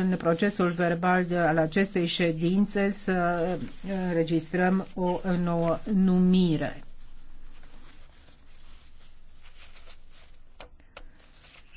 în procesul verbal al acestei ședințe să înregistrăm uh, o nouă numire.